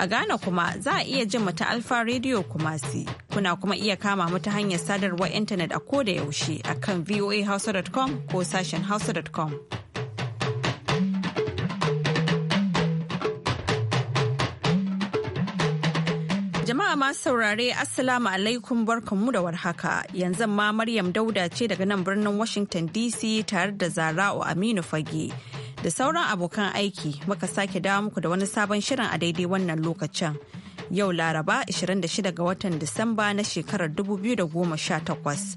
A Ghana kuma za a iya jin mu ta Alfa Radio Kumasi. Kuna kuma iya kama mu ta hanyar sadarwar intanet a koda yaushe a kan voahausa.com ko sashen hausa.com. Jama'a masu saurare Assalamu alaikum barkanmu da warhaka. Yanzu ma Maryam Dauda ce daga nan birnin Washington DC tare da Zara'u Aminu Fage. Da sauran abokan aiki muka sake dawo muku da wani sabon shirin a daidai wannan lokacin. Yau Laraba 26 ga watan Disamba na shekarar 2018.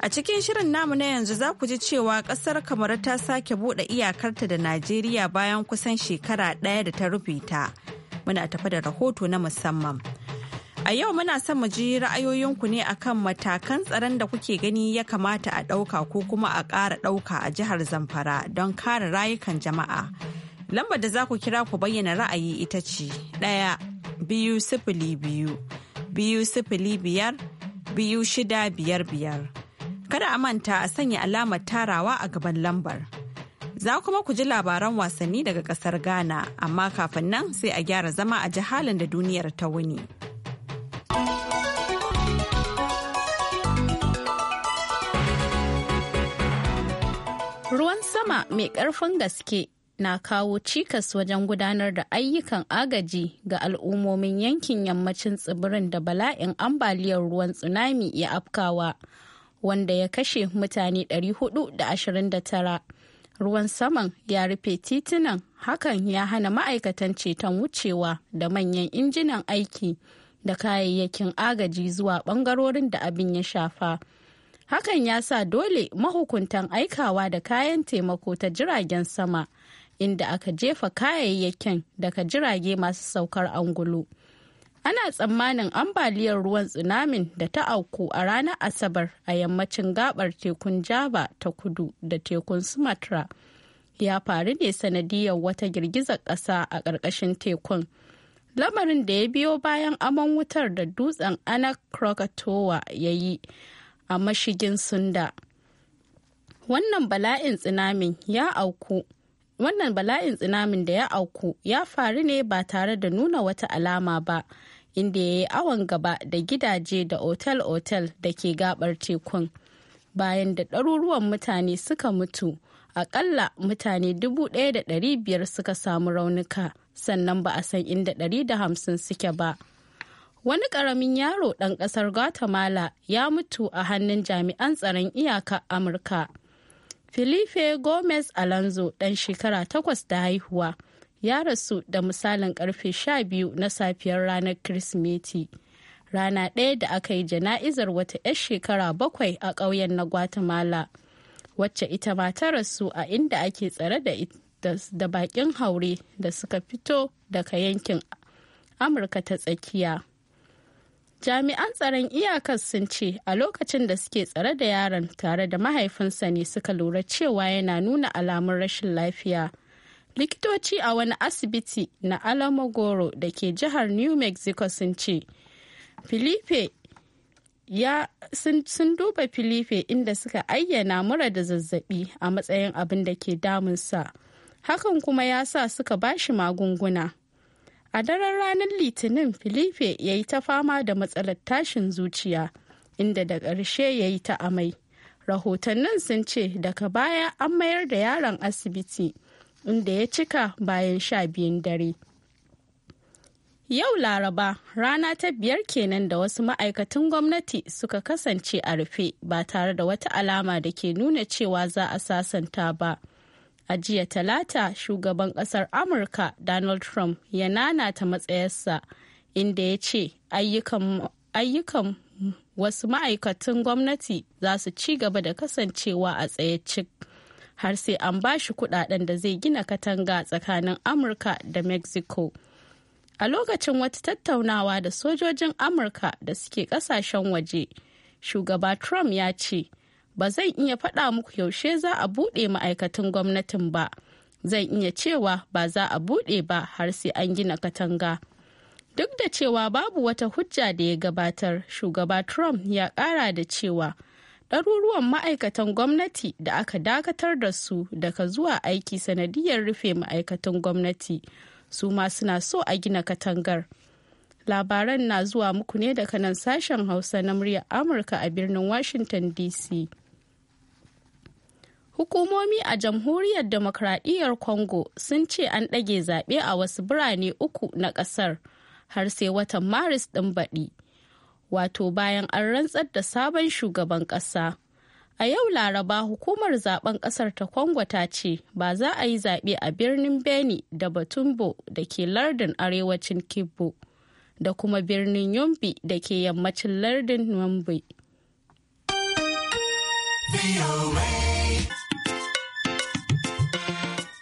A cikin shirin namu na yanzu za ku ji cewa kasar kamar ta sake buɗe iyakarta da Najeriya bayan kusan shekara ɗaya da ta rufe ta. Muna tafi da rahoto na musamman. A yau muna son mu ji ra'ayoyinku ne akan matakan tsaron da kuke gani ya kamata a ɗauka ko kuma a ƙara ɗauka a jihar Zamfara don kare rayukan jama'a. Lambar da za ku kira ku bayyana ra'ayi ita ce ɗaya biyu sifili biyu biyu sifili biyar biyu shida biyar biyar. Kada a manta a sanya alamar tarawa a gaban lambar. Za kuma ku ji labaran wasanni daga ƙasar Ghana amma kafin nan sai a gyara zama a jihalin da duniyar ta wuni. ruwan sama mai ƙarfin gaske na kawo cikas wajen gudanar da ayyukan agaji ga al'ummomin yankin yammacin tsibirin da bala'in ambaliyar ruwan tsunami ya afkawa wanda ya kashe mutane 429 ruwan saman ya rufe titunan hakan ya hana ma'aikatan ceton wucewa da manyan injinan aiki da kayayyakin agaji zuwa bangarorin da abin ya shafa. hakan ya sa dole mahukuntan aikawa da kayan taimako ta jiragen sama inda aka jefa kayayyakin daga jirage masu saukar angulu ana tsammanin ambaliyar ruwan tsunamin da ta auku a ranar asabar a yammacin gabar tekun java ta kudu da tekun sumatra ya faru ne sanadiyar wata girgizar ƙasa a ƙarƙashin tekun lamarin da ya biyo bayan aman wutar da dutsen anak krakatowa ya yi a mashigin sunda wannan bala'in tsinamin ya auku wannan bala'in tsunamin da ya auku ya faru ne ba tare da nuna wata alama ba inda ya yi awon gaba da gidaje da otel-otel da ke gabar tekun bayan da ɗaruruwan mutane suka mutu akalla mutane 1,500 suka samu raunuka sannan ba a san inda 150 suke ba. wani ƙaramin yaro ɗan ƙasar guatemala ya mutu a hannun jami'an tsaron iyaka amurka felipe gomez alonso ɗan shekara takwas da haihuwa ya rasu da misalin ƙarfe sha biyu na safiyar ranar kirsimeti rana ɗaya da aka yi jana'izar wata 'yar shekara bakwai a ƙauyen na guatemala wacce ita ma ta rasu a inda ake tsare da baƙin haure da suka fito daga yankin amurka ta tsakiya jami'an tsaron iyakar sun ce a lokacin da suke tsare da yaron tare da mahaifinsa ne suka lura cewa yana nuna alamun rashin lafiya likitoci a wani asibiti na alamogoro da ke jihar new mexico sun ce filipe ya sun duba filipe inda suka ayyana mura da zazzabi a matsayin abin da ke damunsa hakan kuma ya sa suka bashi magunguna a daren ranar litinin filipe ya yi ta fama da matsalar tashin zuciya inda da ƙarshe ya yi ta amai rahotannin sun ce daga baya an mayar da yaron asibiti inda ya cika bayan sha biyun dare yau laraba rana ta biyar kenan da wasu ma'aikatan gwamnati suka kasance a rufe ba tare da wata alama da ke nuna cewa za a sasanta ba A jiya talata shugaban kasar Amurka Donald Trump ya nanata matsayarsa inda ya ce ayyukan wasu ma'aikatan gwamnati za su ci gaba da kasancewa a tsaye har sai an ba shi kudaden da zai gina katanga tsakanin Amurka da Mexico. A lokacin wata tattaunawa da sojojin Amurka da suke kasashen waje, shugaba Trump ya ce, ba zan iya faɗa muku yaushe za a buɗe ma'aikatan gwamnatin ba zan iya cewa ba za a buɗe ba har sai an gina katanga duk da cewa babu wata hujja da ya gabatar shugaba trump ya ƙara da cewa ɗaruruwan ma'aikatan gwamnati da aka dakatar da su daga zuwa aiki sanadiyar rufe ma'aikatan gwamnati su ma suna so a gina katangar labaran na zuwa muku ne daga nan sashen hausa na muryar amurka a birnin washington dc Hukumomi a Jamhuriyar Demokradiyyar Congo sun ce an ɗage zaɓe a wasu birane uku na ƙasar har sai watan Maris ɗin baɗi, wato bayan an rantsar da sabon shugaban ƙasa. A yau Laraba hukumar zaben ƙasar ta congo ta ce ba za a yi zaɓe a birnin Beni da Batumbo da ke lardin arewacin Kibbo da kuma birnin Yombi da ke yammacin lardin Mambi.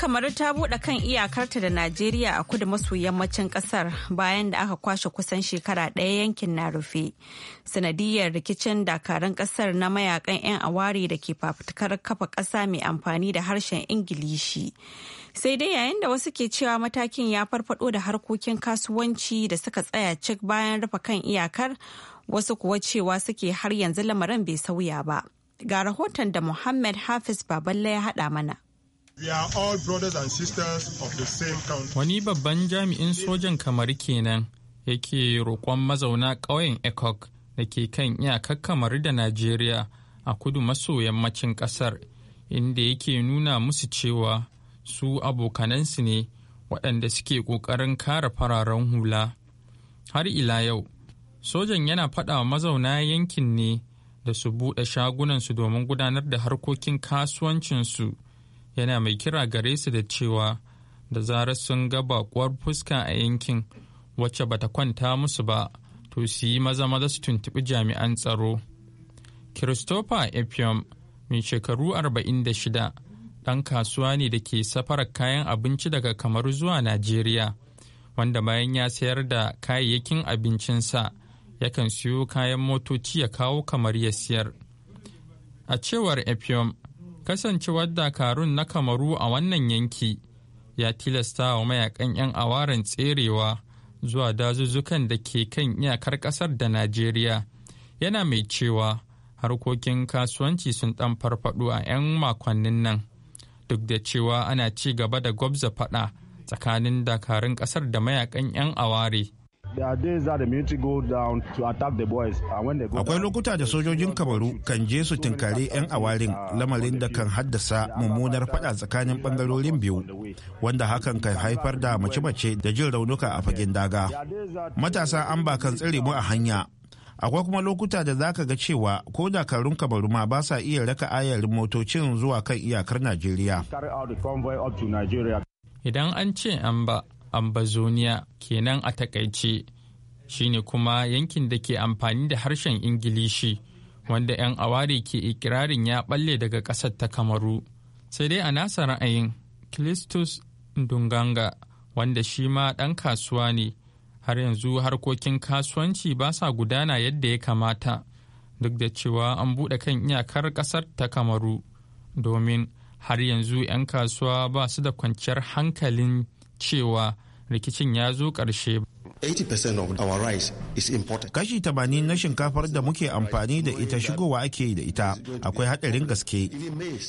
kamar ta buɗe kan iyakarta da Najeriya a kudu maso yammacin ƙasar bayan da aka kwashe kusan shekara ɗaya yankin na rufe. Sanadiyar rikicin dakarun ƙasar na mayakan 'yan awari da ke fafutukar kafa ƙasa mai amfani da harshen Ingilishi. Sai dai yayin da wasu ke cewa matakin ya farfado da harkokin kasuwanci da suka tsaya cik bayan rufe kan iyakar, wasu kuwa cewa suke har yanzu lamarin bai sauya ba. Ga rahoton da Muhammad Hafiz Baballe ya haɗa mana. Wani babban jami'in sojan kamar kenan yake roƙon mazauna ƙauyen Ekok da ke kan iyakar kamar da Najeriya a kudu maso yammacin ƙasar, inda yake nuna musu cewa su abokanansu ne waɗanda suke ƙoƙarin kare fararen hula. Har ila yau, sojan yana faɗa mazauna yankin ne da su buɗe shagunansu domin gudanar da harkokin kasuwancinsu. yana mai kira gare su da cewa da zarar sun ga bakuwar fuska a yankin wacce bata kwanta musu ba to su yi maza maza su tuntuɓi jami'an tsaro christopher epiom mai shekaru arba'in da shida ɗan kasuwa ne da ke safara kayan abinci daga kamar zuwa najeriya wanda bayan ya sayar da kayayyakin abincinsa yakan siyo kayan motoci ya kawo kamar ya siyar a cewar epiom kasancewar dakarun na kamaru a wannan yanki ya tilasta wa mayakan 'yan awaren tserewa zuwa dazuzzukan da ke kan iyakar kasar da najeriya yana mai cewa harkokin kasuwanci sun dan farfado a 'yan makonnin nan duk da cewa ana ci gaba da gwabza fada tsakanin dakarun kasar da mayakan 'yan aware Akwai lokuta da sojojin Kamaru kan je su tinkari 'yan awarin uh, lamarin da kan haddasa uh, mummunar fada tsakanin uh, bangarorin biyu wanda hakan kan haifar da mace-mace da jin raunuka a fagen daga. Matasa an ba kan tsire mu a hanya. Akwai kuma lokuta da zaka ga cewa ko dakarun Kamaru ma ba sa iya raka ayarin motocin zuwa kan iyakar Najeriya. Idan an ce an ba, Ambazonia kenan a takaice shine kuma yankin da ke amfani da harshen ingilishi wanda 'yan aware ke ikirarin ya balle daga ƙasar ta kamaru sai dai a nasa ra'ayin kilistus dunganga wanda shi ma ɗan kasuwa ne har yanzu harkokin kasuwanci ba sa gudana yadda ya kamata duk da cewa an buɗe kan iyakar ƙasar ta kamaru domin har yanzu 'yan kasuwa ba su da kwanciyar hankalin cewa rikicin ya zo ƙarshe. Kashi 80 na shinkafar da muke amfani da ita shigowa ake yi da ita akwai hadarin gaske.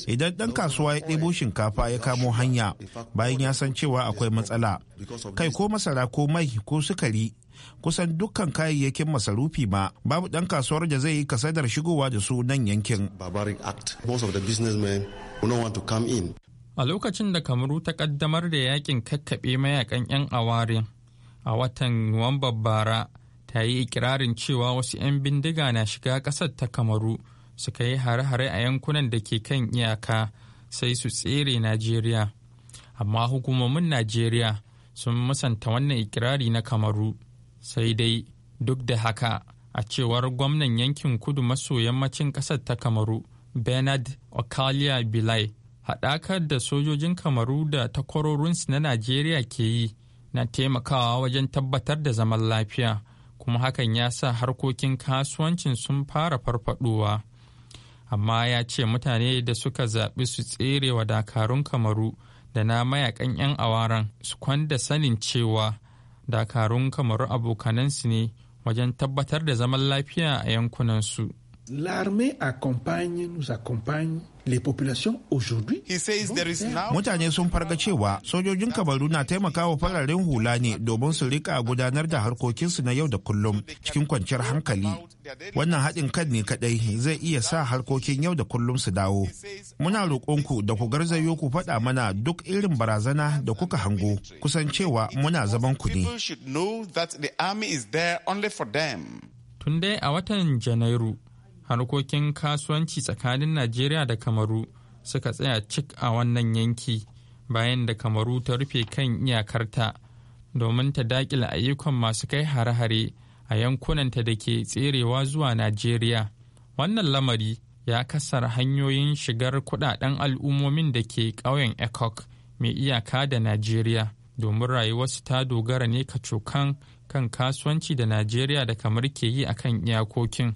Idan ɗan kasuwa ya ɗebo shinkafa ya kamo hanya bayan ya san cewa akwai matsala. Kai ko masara ko mai ko sukari kusan dukkan kayayyakin masarufi ma babu ɗan kasuwar da zai yi kasadar shigowa da su nan yankin. a lokacin da kamaru ta kaddamar da yakin kakkaɓe mayakan 'yan awarin a watan nuwamban bara ta yi ikirarin cewa wasu 'yan bindiga na shiga ƙasar ta kamaru suka yi hare-hare a yankunan da ke kan iyaka sai su tsere najeriya amma hukumomin najeriya sun musanta wannan ikirari na kamaru sai dai duk da haka a cewar gwamnan yankin kudu maso yammacin ƙasar ta kamaru bernard okalia bilai haɗakar da sojojin kamaru da takwarorinsu na najeriya ke yi na taimakawa wajen tabbatar da zaman lafiya kuma hakan ya sa harkokin kasuwancin sun fara farfaɗowa amma ya ce mutane da suka zaɓi su tsere wa dakarun kamaru da na mayakan 'yan awaran su kwanda sanin cewa dakarun kamaru abokanansu ne wajen tabbatar da zaman lafiya a yankunansu. L'armée accompagne, nous accompagne Mutane sun farga cewa sojojin Kamaru na taimakawa fararen hula ne domin su rika gudanar da harkokinsu na yau da kullum cikin kwanciyar hankali. Wannan haɗin kan ne kaɗai zai iya sa harkokin yau da kullum su dawo. Muna roƙonku da ku garzayo ku faɗa mana duk irin barazana da kuka hango kusan cewa muna zaman ku ne. Tun dai a watan Janairu harkokin kasuwanci tsakanin najeriya da kamaru suka tsaya cik a wannan yanki bayan da kamaru ta rufe kan iyakarta domin ta dakila ayyukan masu kai hare-hare a yankunanta da ke tserewa zuwa najeriya wannan lamari ya kasar hanyoyin shigar kudaden al'ummomin da ke ƙauyen ekok mai iyaka da najeriya domin rayuwarsu ta dogara ne kacokan kan kasuwanci da najeriya da kamar ke yi a kan iyakokin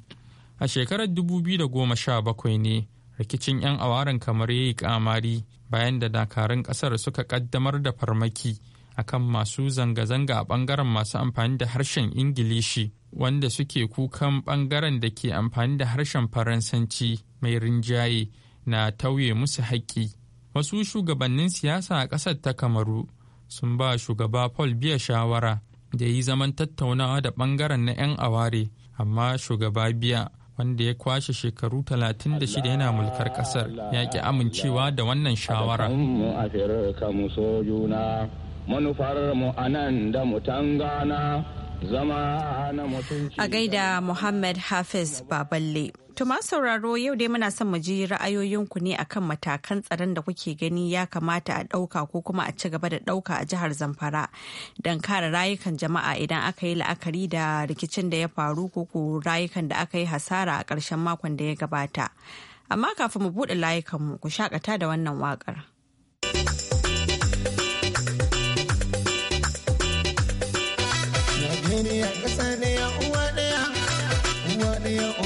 a shekarar 2017 ne rikicin 'yan awaren kamar ya yi kamari bayan da dakarun kasar suka kaddamar da farmaki akan masu zanga-zanga a bangaren masu amfani da harshen ingilishi wanda suke kukan bangaren da ke amfani da harshen faransanci mai rinjaye na tauye musu haƙƙi wasu shugabannin siyasa a ƙasar ta kamaru sun ba shugaba paul biya shawara da yi zaman tattaunawa da bangaren na 'yan aware amma shugaba biya wanda ya kwashe shekaru 36 yana mulkar kasar ya ki amincewa da wannan shawara. a gaida muhammad hafiz baballe Tuma sauraro yau dai muna son mu ji ra'ayoyinku ne akan matakan tsaron da kuke gani ya kamata a ɗauka ko kuma a ci gaba da ɗauka a jihar Zamfara don kare rayukan jama'a idan aka yi la'akari da rikicin da ya faru ko ko rayukan da aka yi hasara a ƙarshen makon da ya gabata. Amma kafin mu buɗe layukanmu ku shakata da wannan waƙar. Ya ya ƙasa ne ya uwa ɗaya, uwa ɗaya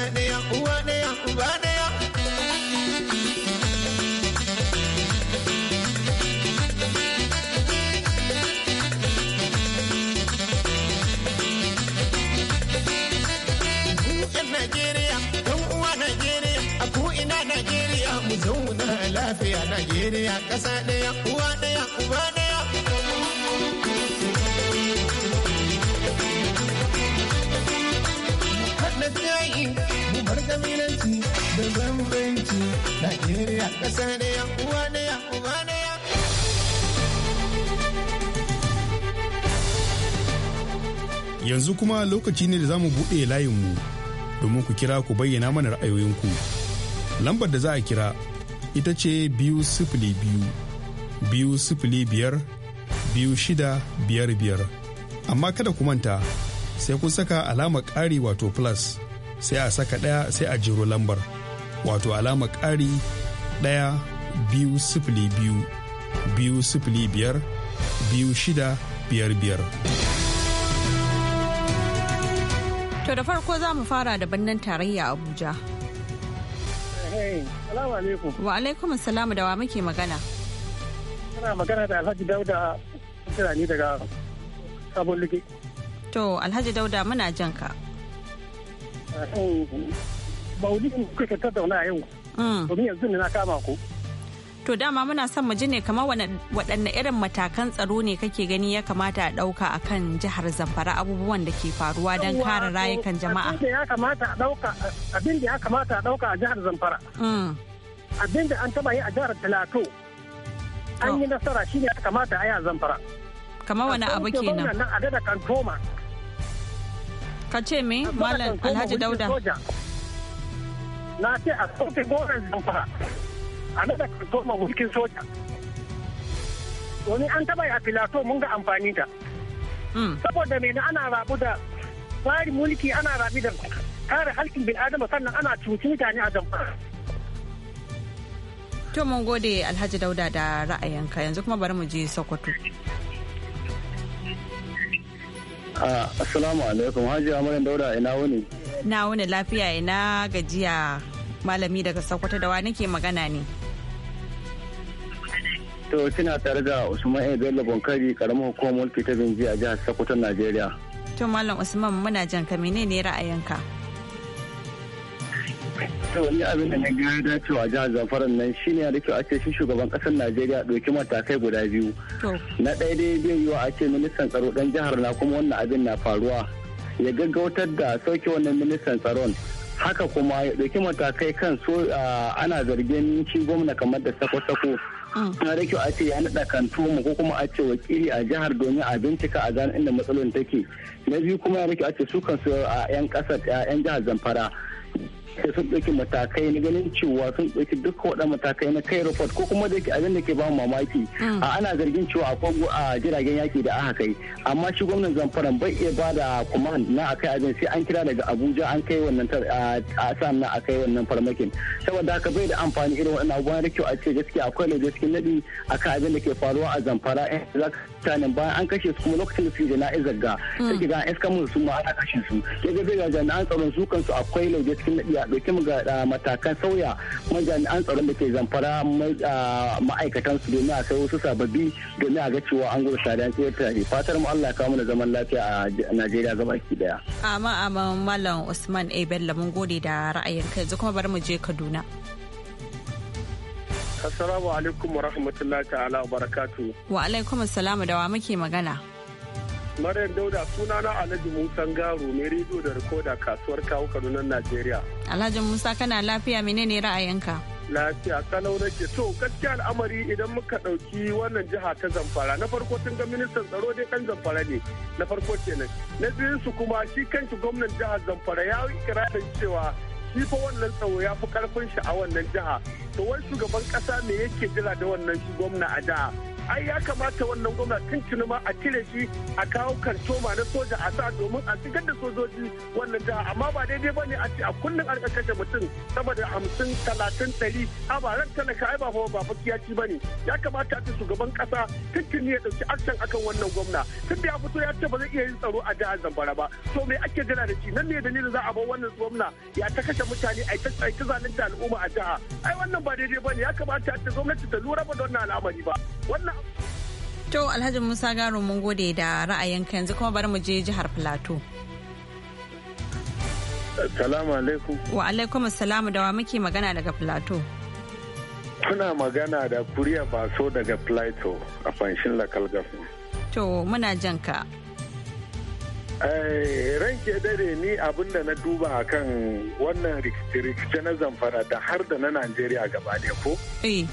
Najeriya ƙasa ɗaya uwa ɗaya uba ɗaya. Haɗa tsayi mu bar kabilanci da bambanci Najeriya ƙasa ɗaya uwa ɗaya uba ɗaya. Yanzu kuma lokaci ne da za mu buɗe layinmu domin ku kira ku bayyana mana ra'ayoyinku. Lambar da za a kira ita ce biyu sifili biyu biyu sifili biyar biyu shida biyar biyar amma kada ku manta sai ku saka alama ƙari wato plus sai a saka ɗaya sai a jiro lambar wato alama ƙari ɗaya biyu sifili biyu biyu sifili biyar biyu shida biyar biyar. To da farko za mu fara da birnin tarayya Abuja. salamu alaikum wa alaikum assalamu da wa muke magana Kana magana da Alhaji Dauda kira ni daga Sabon Lige to Alhaji Dauda muna jan ka ah, wani kuka tattauna yau mm. domin yanzu ne na kama ku To dama muna son mu ji ne kamar waɗanne irin matakan tsaro ne kake gani ya kamata a ɗauka a kan jihar Zamfara abubuwan da ke faruwa don kare rayukan jama'a. Abin da ya kamata a ɗauka a ɗauka a jihar Zamfara. Mm. Abin da an taɓa yi a jihar Talato. An yi nasara shi ne ya kamata a yi a Zamfara. Kamar wani abu kenan. nan Ka ce me Malam Alhaji Dauda. Na ce a sauke gonar Zamfara. a nada kantoma mulkin soja domin an taba a filato mun ga amfani ta hmm. saboda mene ana rabu da tsari mulki ana rabu da kare halkin bin adama sannan ana cuci mutane a zamfara to mun gode alhaji dauda da ra'ayinka yanzu kuma bari mu je sokoto ah, Assalamu alaikum haji maryam dauda ina wuni na wuni lafiya ina gajiya malami daga sokoto da wa nake magana ne To kina tare da Usman Bello Bonkari karamar hukumar mulki ta Binji a jihar Sokoto nigeria. To Mallam Usman muna jan ka menene ra'ayinka? To wani abin da na ga dacewa jihar Zamfaran nan shine da kyau ake shi shugaban kasar Najeriya ɗauki matakai guda biyu. Na ɗaya dai bai yiwa ake ministan tsaro dan jihar na kuma wannan abin na faruwa. Ya gaggautar da sauke wannan ministan tsaron haka kuma ya ɗauki matakai kan so ana zargin shi gwamna kamar da sako-sako na mm. da kyau a ce ya naɗa mu ko kuma a ce wakili a jihar domin a bincika a gane inda matsalolin take na biyu kuma ya da kyau a ce su kansu a 'yan a 'yan jihar zamfara sai sun ɗauki matakai na ganin cewa sun ɗauki duk waɗannan matakai na kai report ko kuma da abin da ke ba mamaki mm. a ana zargin cewa a kogo a jiragen yaki da aka kai amma shi gwamnan zamfara bai iya ba da command na akai abin sai an kira daga abuja an kai wannan a sannan a kai wannan farmakin saboda haka bai da amfani irin waɗannan abubuwan da kyau a ce gaskiya akwai lauje cikin naɗi akan abin da ke faruwa a zamfara yan zaka bayan an kashe su kuma lokacin da su da na'izar ga mm. sai ga an iska musu su ma ana kashe su ke ga jami'an tsaron su kansu akwai lauje cikin naɗi a ɗauki mu ga ah, matakan sauya majami'an tsaron da ke zamfara ah, ma'aikatan su domin a kai wasu sababbi domin a ga cewa an gudu shari'an tsayar tare fatar mu Allah kawo mana zaman lafiya a Najeriya gaba ki daya. Amma amma Malam Usman A. Bello mun gode da ra'ayin kai yanzu kuma bari mu je Kaduna. Assalamu alaikum wa rahmatullahi ta'ala wa barakatu. Wa alaikum assalamu da wa muke magana. Maryam Dauda suna na Alhaji Musa Garu mai rediyo da rikoda kasuwar kawo Kaduna Najeriya. Alhaji Musa kana lafiya menene ra'ayinka? Lafiya kalau nake to gaskiya al'amari idan muka ɗauki wannan jiha ta Zamfara na farko tun ga ministan tsaro dai kan Zamfara ne na farko kenan na biyun su kuma shi kanshi gwamnan jihar Zamfara ya yi ikirarin cewa shi fa wannan tsaro ya fi karfin shi a wannan jiha to wai shugaban ƙasa ne yake jira da wannan shi gwamna a jiha ai ya kamata wannan gwamna tuni ma a cire shi a kawo kantoma na soja a sa domin a shigar da sojoji wannan jiha amma ba daidai ba ne a ce a kullum a kashe mutum sama da hamsin talatin ɗari a ba ran talaka ai ba fa ba ba ne ya kamata a ce shugaban ƙasa tuntuni ya ɗauki action akan wannan gwamna tun da ya fito ya ce ba zai iya yin tsaro a jihar Zamfara ba to me ake jira da shi nan ne dalilin za a bar wannan gwamna ya ta kashe mutane a yi ta zalunta al'umma a jiha ai wannan ba daidai ba ne ya kamata a ce gwamnati ta lura ba da wannan al'amari ba wannan To Alhaji Musa Garo mun gode da ra'ayinka yanzu kuma bari mu je jihar Filato. Salamu alaikum. Wa alaikum salamu da wa muke magana daga Filato. Kuna magana da Kuriya Baso daga Filato a fanshin Lakal Gafu. To muna jan ka. Eh, ranke dare ni abin da na duba a kan wannan rikice na zamfara da har da na Najeriya gaba ko? Eh.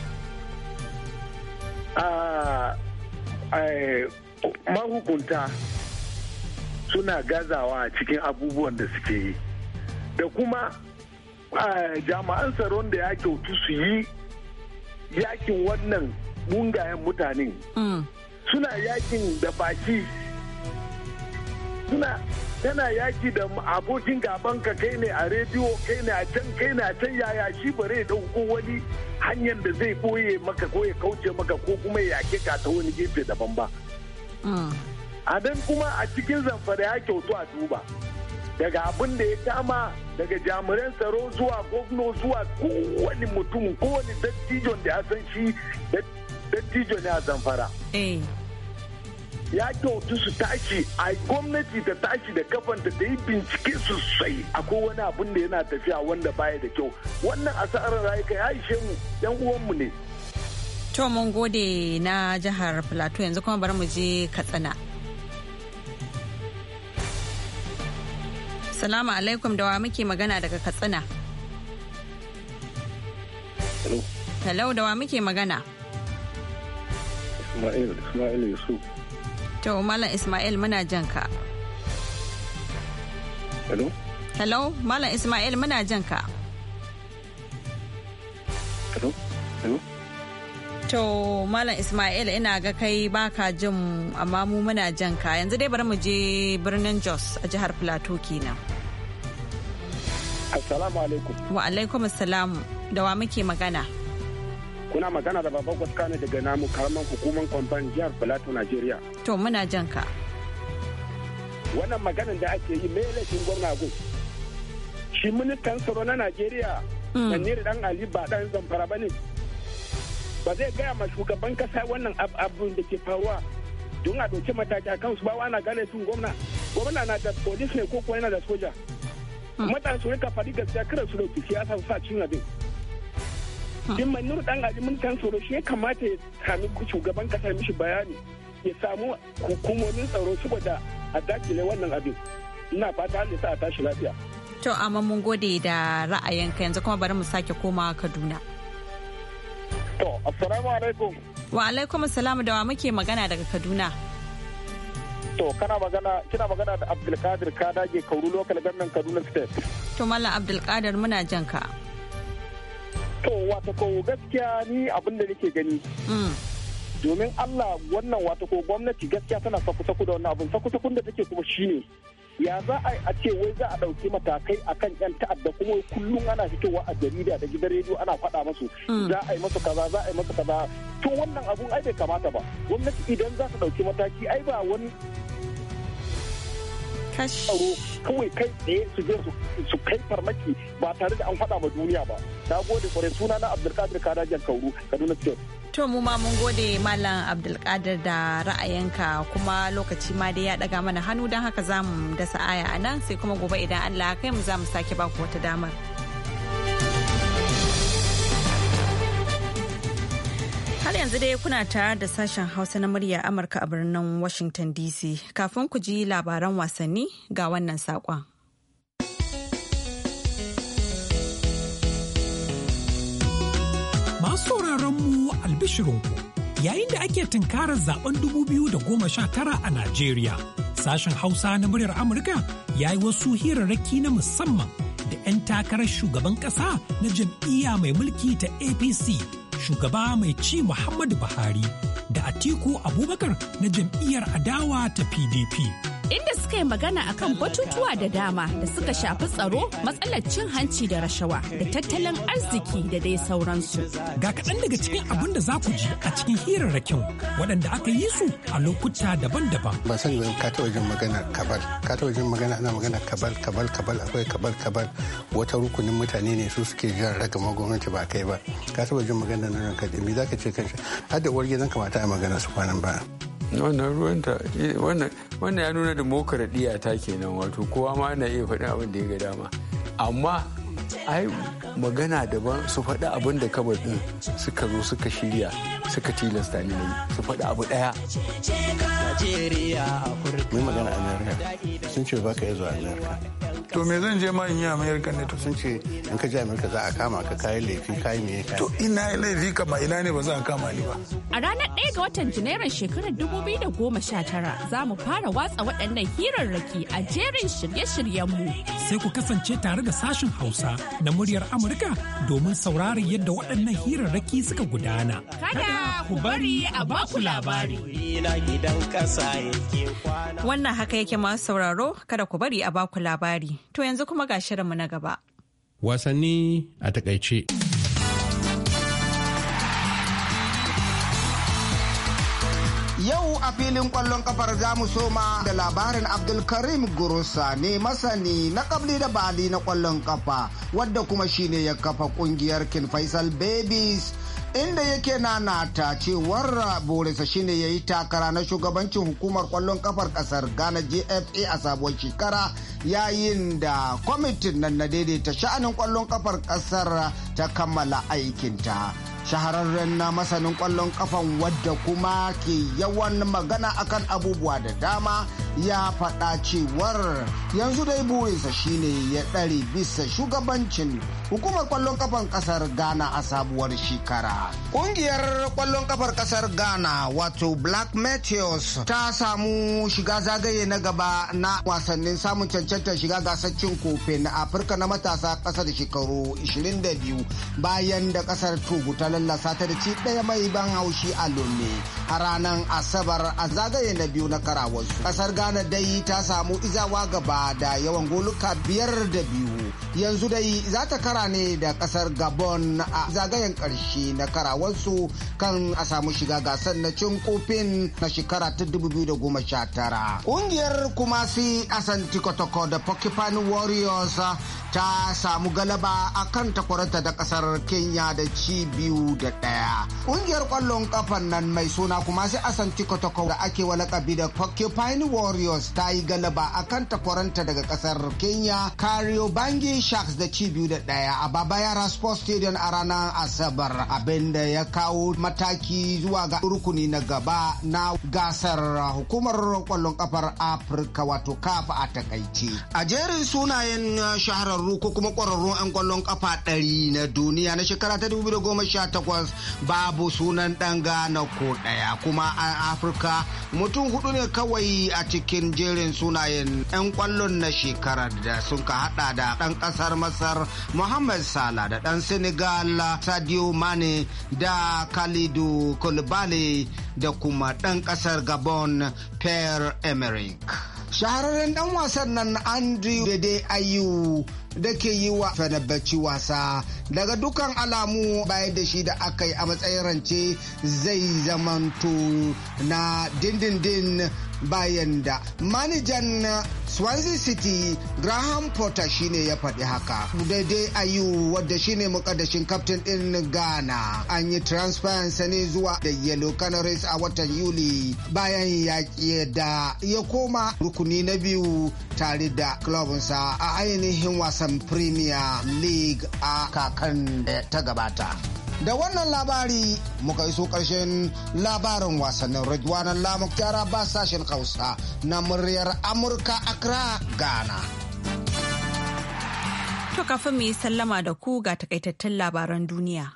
Ah, Eh, mahukunta suna gazawa a cikin abubuwan da suke yi da kuma eh, jama'an tsaron da ya kyautu su yi yakin wannan mungayen mutanen mm. suna yakin da baki suna tana yaki da abokin gaban ka kai ne a rediyo kai ne a can kai ne a can yaya shi bare zai dauko wani hanyar da zai boye maka ko ya kauce maka ko kuma ya yake ka ta wani gefe daban ba mm. a dan kuma a cikin zamfara ya kyautu a duba daga abin da ya kama daga jami'an tsaro zuwa gwamno zuwa kowane mutum kowane dattijon da ya san shi dattijo ne a zamfara. Eh. ya kyautu su tashi a gwamnati ta tashi da kafanta ta yi bincike sosai akwai wani abin da yana tafiya wanda baya da kyau wannan asarar rayuka ya ishe mu yan uwanmu ne to mun gode na jihar plateau yanzu kuma bari mu je katsina salamu alaikum da wa muke magana daga katsina hello da wa muke magana Ismail, Ismail Yusuf. To Malam Ismail muna jan ka. Hello? Hello Malam Ismail muna jan ka. Hello? Hello? To Malam Ismail ina ga kai baka jin amma mu muna jan ka yanzu dai bari mu je birnin Jos a jihar Plateau kenan. Assalamu alaikum. Wa alaikum assalam da wa muke magana? kuna magana da baban kwaska ne daga namu karaman hukumar kwamfan jihar plateau nigeria to muna jan ka wannan maganan da ake yi mai laifin gwamna gun shi ministan tsaro na nigeria mm. da dan ali ba dan zamfara ba ne ba zai gaya ma shugaban kasa wannan abin da ke faruwa don a ɗauki mataki a kansu ba ana gane sun gwamna gwamna na da polis ne ko kuwa yana da soja mutane mm. su ka faɗi gaskiya kira su da siyasa su sa cin abin in nuru dan aji mun kan tsoro shi ya kamata ya sami shugaban kasa mishi bayani ya samu hukumomin tsaro saboda a dakile wannan abin ina fata Allah sa a tashi lafiya to amma mun gode da ka yanzu kuma bari mu sake komawa Kaduna to assalamu alaikum wa alaikum assalamu da wa muke magana daga Kaduna to kana magana kina magana da Abdulkadir dage Kauru lokal gannan Kaduna state to mallam Abdulkadir muna jan ka To wata ko gaskiya ni abin da nake gani. Mm. Domin Allah wannan wata ko gwamnati gaskiya tana saku-saku da wannan abin saku-sakun da take kuma shine. ya za a a ce wai za a ɗauki matakai akan yan ta'adda kuma kullum ana fitowa a jarida da gidan rediyo ana faɗa masu mm. za a yi masu kaza za a yi masu kaza to wannan abun ai bai kamata ba gwamnati idan za ta ɗauki mataki ai ba wani tsaro kawai kai tsaye su je su kai farmaki ba tare da an faɗa ma duniya ba na gode kwarai suna na abdulkadir kadajan kauru kaduna state To mu ma mun gode Malam Abdulkadir da ra'ayinka kuma lokaci ma dai ya daga mana hannu don haka za mu dasa aya a nan sai kuma gobe idan Allah kai mu za mu sake baku wata damar. Har yanzu dai kuna tare da sashen Hausa na murya Amurka a birnin Washington DC. Kafin ku ji labaran wasanni ga wannan saƙon. Masu mu albishirinku yayin da ake tunkarar zaben 2019 a Najeriya. Sashen Hausa na muryar Amurka ya yi wasu hirarraki na musamman da 'yan takarar shugaban ƙasa na jam'iyya mai mulki ta APC shugaba mai ci Muhammadu Buhari da Atiku Abubakar na jam'iyyar adawa ta PDP. inda suka yi magana akan batutuwa da dama da suka shafi tsaro matsalar cin hanci da rashawa da tattalin arziki da dai sauransu. Ga kaɗan daga cikin abin da za ku ji a cikin hirarrakin waɗanda aka yi su a lokuta daban-daban. Ba san yi ka taɓa jin magana kabal, ka taɓa jin magana ana magana kabal, kabal, kabal, akwai kabal, kabal. Wata rukunin mutane ne su suke jan ragama gwamnati ba kai ba. Ka taɓa jin magana nan ranka da me za ka ce kanshi? shi. Har da uwar gidan kamata a magana su kwanan ba. wannan ruwanta wannan ya nuna demokaradiyya ta kenan wato kowa ma na iya faɗi abin da ya ga dama amma ai magana daban su faɗi abin da kabar ɗin suka zo suka shirya suka tilasta ni yi su faɗi abu ɗaya. Mai magana a Amerika sun ce ba ka iya zuwa Amerika. to me zan je ma in yi amerika ne to sun ce in ka je amerika za a kama ka kayi laifi kayi me to ina laifi kama ina ne ba za a kama ni ba a ranar 1 ga watan janairun shekarar 2019 za mu fara watsa waɗannan hirarraki a jerin shirye-shiryenmu sai ku kasance tare da sashen hausa na muryar amurka domin sauraron yadda waɗannan hirarraki suka gudana kada ku bari a baku labari wannan haka yake masu sauraro kada ku bari a baku labari To yanzu kuma ga shirinmu na gaba. Wasanni a takaice. Yau a filin kwallon kafar zamu soma da labarin Abdulkarim Gurusa ne masani na kabli da bali na kwallon kafa wadda kuma shine ya kafa kungiyar Kin Faisal Babies inda yake nanata cewar borisa shine ya yi takara na shugabancin hukumar kwallon kafar kasar ghana GFA a sabuwar shekara yayin da kwamitin nan na daidaita sha'anin kwallon kafar kasar ta kammala aikinta shahararren na masanin kwallon kafan wadda kuma ke yawan magana akan abubuwa da dama ya faɗa cewar yanzu dai burinsa shine ya ɗare bisa shugabancin hukumar kwallon Kafar kasar ghana a sabuwar shekara kungiyar kwallon kafar kasar ghana wato black meteors ta samu shiga zagaye na gaba na wasannin samun cancantar shiga gasar cin na afirka na matasa kasar da shekaru 22 bayan da kasar togo ta lallasa ta da ci daya mai ban haushi a lome a ranar asabar a zagaye na biyu na karawarsu kasar ghana dai ta samu izawa gaba da yawan goluka biyar da biyu yanzu dai za ta kara ne da kasar gabon a zagayen karshe na karawarsu kan a samu shiga gasar na cin kofin na shekara ta 2019 kungiyar kumasi asan tikotoko da porcupine warriors ta samu galaba a kan takwaranta da kasar kenya da ci biyu da daya kungiyar kwallon kafan nan mai suna kuma si asan tikotoko da ake walakabi da porcupine warriors ta yi galaba a kan takwaranta daga kasar kenya kario bangi Golden Sharks da ci biyu da ɗaya a Baba Yara Sports Stadium a ranar Asabar abinda ya kawo mataki zuwa ga rukuni na gaba na gasar hukumar kwallon kafar Afirka wato kafa a takaice. A jerin sunayen uh, shahararru ko kuma kwararrun 'yan kwallon kafa ɗari na duniya na shekara ta 2018 babu sunan ɗan gana ko ɗaya kuma a Afirka mutum hudu ne kawai a cikin jerin sunayen 'yan kwallon na shekarar da sun ka hada da ɗan kasar masar muhammad sala da dan senegal sadio mane da khalidu kulbali da kuma dan kasar gabon per emerick shahararren dan wasan nan andrew dede ayu da ke yi wa Fenerbahce wasa daga dukan alamu bayan da shi da aka yi a matsayin rance zai zamanto na dindindin bayan da manajan swansea city graham potter shine ya faɗi haka daidai ayu wadda shine mukaddashin kaftin ɗin ghana an yi transparency ne zuwa da yellow canaries a watan yuli bayan ya da ya koma rukuni na biyu tare da klubinsa a ainihin wasan premier league a kakan da ta gabata da wannan labari muka iso ƙarshen labarin wasannin Ridwanan Lamuk Tara ba sashen Hausa na muryar Amurka Accra, Ghana. To kafin mu yi sallama da ku ga takaitattun labaran duniya.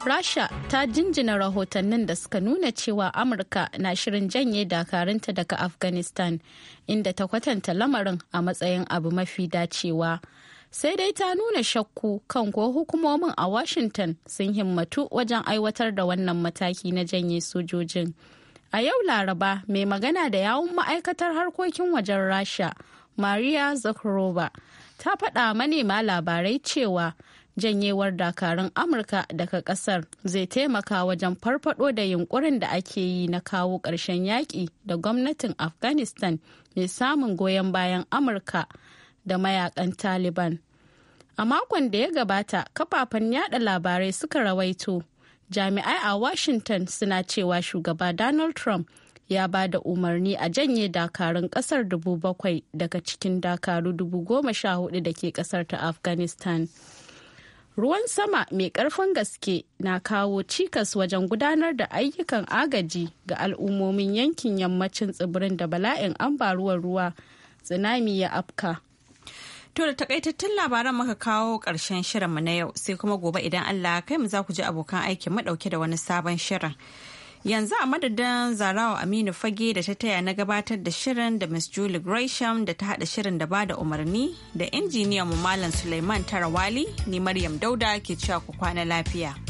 Rasha ta jinjina rahotannin da suka nuna cewa Amurka na shirin janye dakarunta daga Afghanistan, inda ta kwatanta lamarin a matsayin abu mafi dacewa. sai dai ta nuna shakku kan ko hukumomin a washington sun himmatu wajen aiwatar da wannan mataki na janye sojojin a yau laraba mai magana da yawun ma'aikatar harkokin wajen rasha maria zakharova ta faɗa manema labarai cewa janyewar dakarun amurka daga kasar zai taimaka wajen farfaɗo da yunkurin da ake yi na kawo ƙarshen yaƙi da gwamnatin afghanistan mai samun goyon bayan amurka da mayakan Taliban. A makon da ya gabata, kafafen yada labarai suka rawaito. Jami'ai a Washington suna cewa shugaba Donald Trump ya ba da umarni a janye dakarun kasar dubu bakwai daga cikin dakaru dubu goma sha hudu da ke kasar ta Afghanistan. Ruwan sama mai ƙarfin gaske na kawo cikas wajen gudanar da ayyukan agaji ga al'ummomin yankin yammacin tsibirin da bala'in ambaruwar ruwa tsunami ya afka. To da takaitattun labaran muka kawo ƙarshen mu na yau sai kuma gobe idan Allah kai mu za ku ji abokan aikin mu ɗauke da wani sabon shirin. Yanzu a madadin Zarawa Aminu Fage da ta taya na gabatar da shirin da Miss Julie Gresham da ta haɗa shirin da bada umarni da injiniyan mu Malam Suleiman Tarawali ni Maryam Dauda ke cewa ku kwana lafiya.